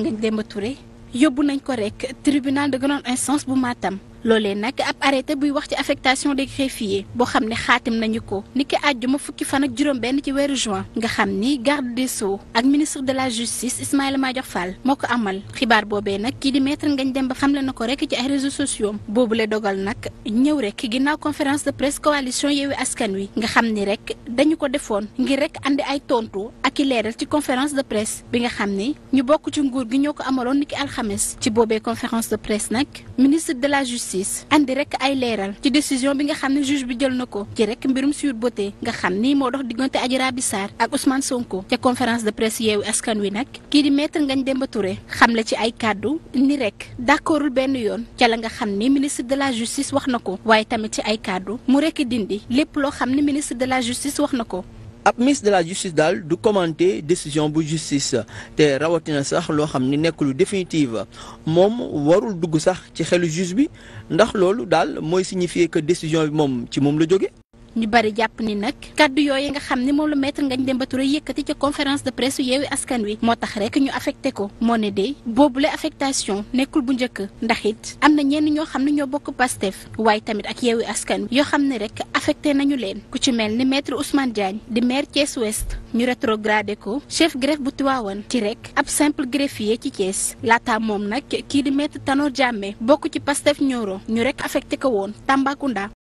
Ngagne Demba Touré yóbbu nañ ko rek tribunal de grande instance bu Matam loole nag ab arrêté buy wax ci affectation de greffiers boo xam ne xaatim nañu ko niki àjjuma fukki fan ak juróom-benn ci weeru juin nga xam ni garde des sceaux ak ministre de la justice Ismaïla jox Fall moo ko amal xibaar boobee nag kii ngañ dem ba Demba xamle na ko rek ci ay réseaux sociaux boobule dogal nag ñëw rek ginnaaw conférence de presse coalition Yewwi Askan Wi nga xam ni rek dañu ko defoon ngir rek indi ay tontu ak i leeral ci conférence de presse bi nga xam ni ñu bokk ci nguur gi ñoo ko amaloon niki alxames ci boobee conférence de presse nag ministre de la justice justice andi rek ay leeral ci décision bi nga xam ne juge bi jël na ko ci rek mbirum Sweet Beauté nga xam ni moo dox diggante Adji Raby Sarr ak Ousmane Sonko ca conférence de presse yeewu askan wi nag kii di maître Ngagne Demba Touré xam la ci ay kàddu ni rek d'accordul benn yoon ca la nga xam ni ministre de la justice wax na ko waaye tamit ci ay kàddu mu rek dindi lépp loo xam ni ministre de la justice wax na ko ab ministre de la justice daal du commenter décision bu justice te rawatina sax loo xam ni nekkulu lu définitive moom warul dugg sax ci xelu juge bi ndax loolu daal mooy signifier que décision bi moom ci moom la jóge ñu bari jàpp ni nag kàddu yooyu nga xam ne moom la maître Ngagne Demba Touré yëkkati ca conférence de presse yeewi askan wi moo tax rek ñu affecté ko moo ne boobu boobule affectation nekkul bu njëkk ndax it am na ñenn ñoo xam ne ñoo bokk Pastef waaye tamit ak yeewi askan wi yoo xam ne rek affecté nañu leen ku ci mel ni maître Ousmane Diagne di maire Thiès Ouest ñu rétrogradé ko chef greffe bu Tivaouane ci rek ab simple greffier ci Thiès laata moom nag kii di maître Tanor Diamé bokk ci Pastef Nioro ñu rek affecté ko woon Tambacounda